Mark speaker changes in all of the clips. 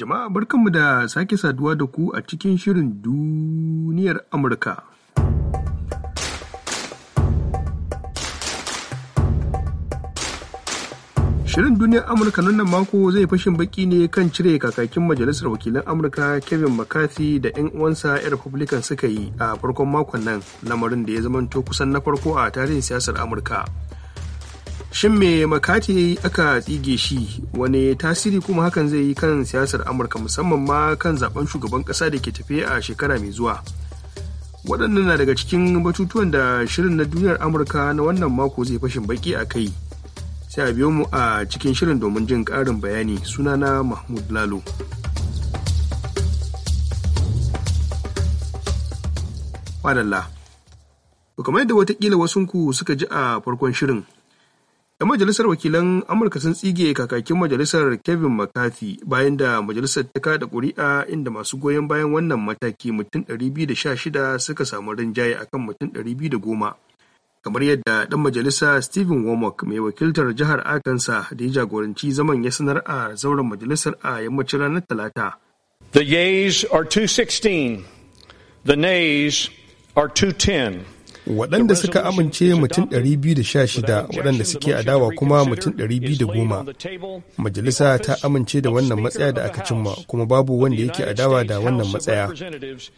Speaker 1: Jama'a barkanmu da sake saduwa da ku a cikin shirin duniyar Amurka. Shirin duniyar Amurka nan mako zai fashin baki ne kan cire kakakin Majalisar Wakilan Amurka Kevin McCarthy da 'yan uwansa 'yan Republican suka yi a farkon makon nan lamarin da ya zamanto kusan na farko a tarihin siyasar Amurka. shin me makati aka tsige shi wani tasiri kuma hakan zai yi kan siyasar amurka musamman ma kan zaben shugaban kasa da ke tafe a shekara mai zuwa waɗannan na daga cikin batutuwan da shirin na duniyar amurka na wannan mako zai fashin baki a kai sai a biyo mu a cikin shirin domin jin ƙarin bayani suna na mahmud lalo madalla kamar yadda watakila wasunku suka ji a farkon shirin 'Yan majalisar wakilan Amurka sun tsige kakakin majalisar Kevin McCarthy bayan da majalisar ta kada kuri'a inda masu goyon bayan wannan mataki mutum 216 suka samu rinjaye akan mutum 210. Kamar yadda dan majalisa Stephen Womack mai wakiltar jihar akansa da ya jagoranci zaman ya sanar a zauren majalisar a yammacin ranar Talata. The yeas are 216, the nays are 210. waɗanda suka amince mutum 216 waɗanda suke adawa kuma mutum 210 majalisa ta amince da wannan matsaya da aka cimma kuma babu wanda yake adawa da wannan matsaya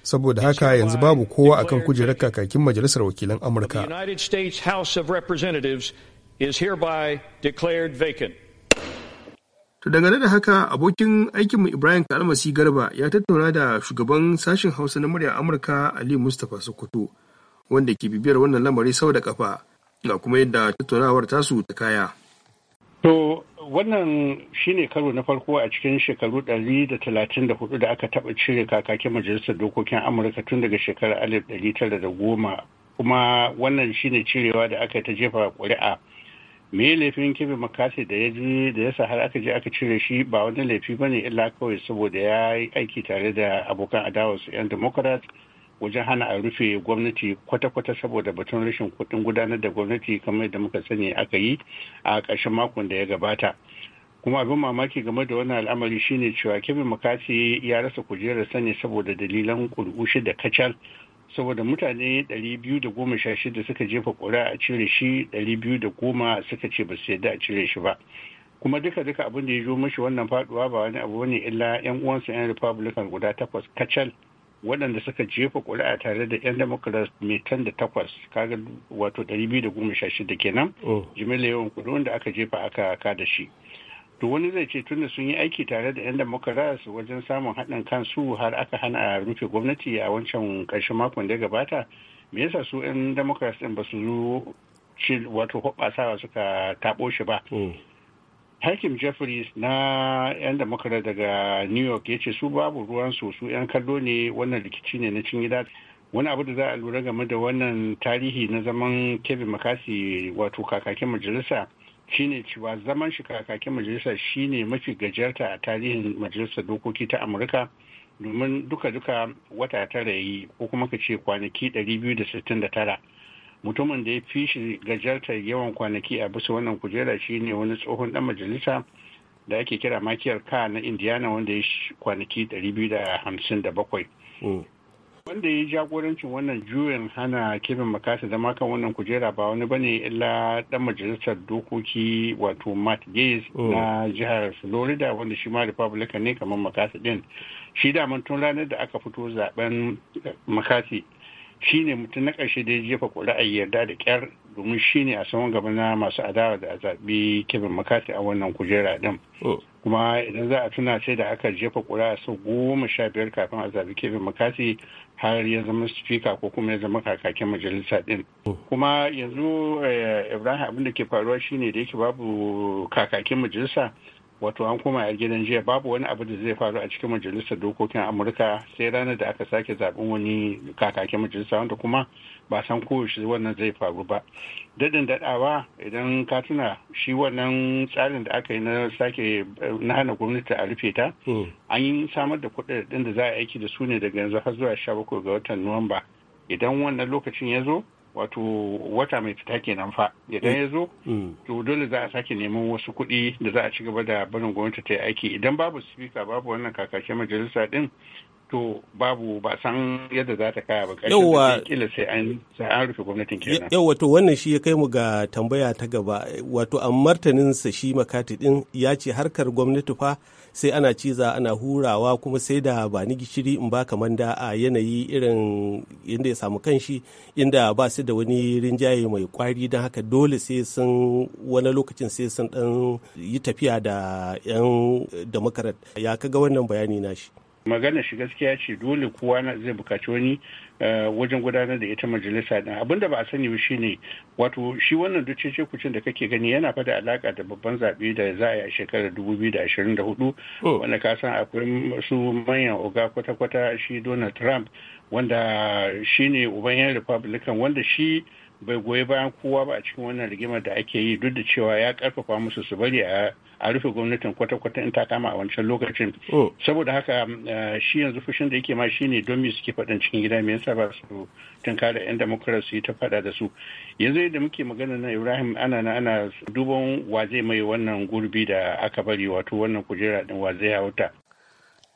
Speaker 1: saboda haka yanzu babu kowa akan kujerar kakakin majalisar wakilan amurka To dangane da haka abokin aikinmu Ibrahim Kalmasi Garba ya tattauna da shugaban sashen Hausa na murya Amurka Ali Mustapha Sokoto. wanda ke bibiyar wannan lamari sau da kafa ga kuma yadda tattaunawar tasu ta kaya.
Speaker 2: To wannan shine karo na farko a cikin shekaru 134 da aka taba cire kakakin majalisar dokokin Amurka tun daga shekarar 1910 kuma wannan shine cirewa da aka ta jefa ƙuri'a. Me laifin kebe makasi da ya je da ya sa har aka je aka cire shi ba wani laifi ba ne illa kawai saboda ya yi aiki tare da abokan su 'yan Democrats wajen hana a rufe gwamnati kwata-kwata saboda batun rashin kuɗin gudanar da gwamnati kamar yadda muka sani aka yi a ƙarshen makon da ya gabata kuma abin mamaki game da wannan al'amari shine cewa kevin mccarthy ya rasa kujerar sani saboda dalilan ƙuri'u da kacal saboda mutane 216 suka jefa kura a cire shi 210 suka ce ba su yadda a cire shi ba kuma duka duka abin da ya zo mashi wannan faduwa ba wani abu ne illa yan uwansa yan republican guda takwas kacal waɗanda suka jefa ƙuri'a tare da 'yan democrats metan da takwas kaga wato 216 kenan oh. jimila yawan kudu da aka jefa aka ka da shi to wani zai ce tunda sun yi aiki tare da 'yan democrats wajen samun haɗin kansu har aka hana a rufe gwamnati a wancan ƙarshen makon da ya gabata me yasa su 'yan democrats ɗin ba su zo wato hoɓɓasawa suka taɓo shi ba mm. hakim jeffries na 'yan demokra daga new york ya ce su babu ruwan su 'yan kallo ne wannan rikici ne na cin gida wani abu da za a lura game da wannan tarihi na zaman kevin makasi wato kakakin majalisa shine cewa zaman shi kakakin majalisa shine mafi gajarta a tarihin majalisar dokoki ta amurka domin duka-duka wata tara yi ko kuma ka ce kwanaki 269 mutumin da ya fi shi gajartar yawan kwanaki a bisa wannan kujera shi ne wani tsohon dan majalisa da ake kira makiyar ka na indiana wanda ya shi kwanaki 257 mm. wanda ya jagorancin wannan juyin hana kevin makasa zama kan wannan kujera ba wani bane illa dan majalisar dokoki wato matt gaze mm. na jihar florida wanda shi ma republican ne kamar makasa din shi da tun ranar da aka fito zaben makasi shine mutum na ƙarshe da ya jefa ƙuri'ar yarda da ƙyar domin shine a saman gaba na masu adawa da a zaɓi kevin makati a wannan kujera ɗin oh. kuma idan za a tuna sai da aka jefa ƙuri'a sau goma sha biyar kafin a zaɓi kevin makati har ya zama spika ko kuma ya zama kakakin majalisa ɗin oh. kuma yanzu eh, ibrahim abin da ke faruwa shine da yake babu kakakin majalisa wato an koma a gidan jiya babu wani abu da zai faru a cikin majalisar dokokin amurka sai ranar da aka sake zaben wani kakakin majalisa wanda kuma ba san koyaushe wannan zai faru ba dadin dadawa idan ka tuna shi wannan tsarin da aka yi na sake na hana gwamnati a rufe ta hmm. an yi samar da kuɗaɗen da za a aiki da su ne daga yanzu har zuwa sha ga watan nuwamba idan wannan lokacin ya zo wato wata mai fita kenan fa idan mm. ya zo mm. to dole za a sake neman wasu kuɗi da za a ci gaba da barin gwamnati ta yi aiki idan babu sifika babu wannan kakashe majalisa din to babu ba san yadda za ta kaya ba ƙarshen kila sai sai an rufe gwamnatin kenan yawa
Speaker 1: to wannan shi ya kai mu ga tambaya ta gaba wato a martanin sa shi makati din ya ce harkar gwamnati fa sai ana ciza ana hurawa kuma sai da ba ni gishiri in ba kamar da a yanayi irin inda ya samu kanshi inda ba su da wani rinjaye mai kwari don haka dole sai sun wani lokacin sai sun dan yi tafiya da yan demokrat ya kaga wannan
Speaker 2: bayani nashi magana shi gaskiya ce dole kowa zai bukaci wani eh, wajen gudanar da ita majalisa din abin da ba a sani shi ne wato shi wannan ducece kucin da kake gani yana fada alaka da babban zaɓe da za a yi a shekarar 2024 wanda ka san akwai su manyan oga kwata-kwata shi donald trump wanda shi ne uban yan republican wanda shi bai goyi bayan kowa ba a cikin wannan rigimar da ake yi duk da cewa ya karfafa musu su bari a rufe gwamnatin kwata-kwata in ta kama a wancan lokacin oh. saboda haka um, eh, shi yanzu fushin da yake ma ne don suke faɗin cikin gida mai yasa ba su da yan demokarasi su yi ta faɗa da su yanzu yadda muke magana na ibrahim ana na ana duban wa zai mai wannan gurbi da aka bari wato wannan kujera din wa zai hauta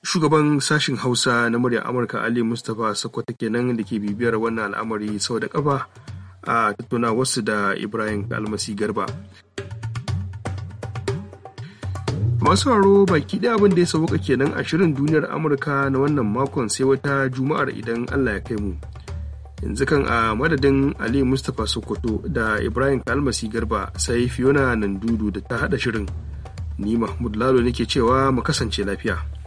Speaker 1: shugaban sashen hausa na muryar amurka ali mustapha sakwata kenan da ke bibiyar wannan al'amari sau da kafa a tattaunawarsu wasu da Ibrahim Almasi Garba. Masu haro baki ɗaya abin da ya sauka kenan a shirin duniyar Amurka na wannan makon sai wata juma'ar idan Allah ya kai mu. yanzu kan a madadin ali mustapha sokoto da ibrahim Almasi garba sai fiona nandudu da ta hada shirin ni mahmud lalo nake cewa mu kasance lafiya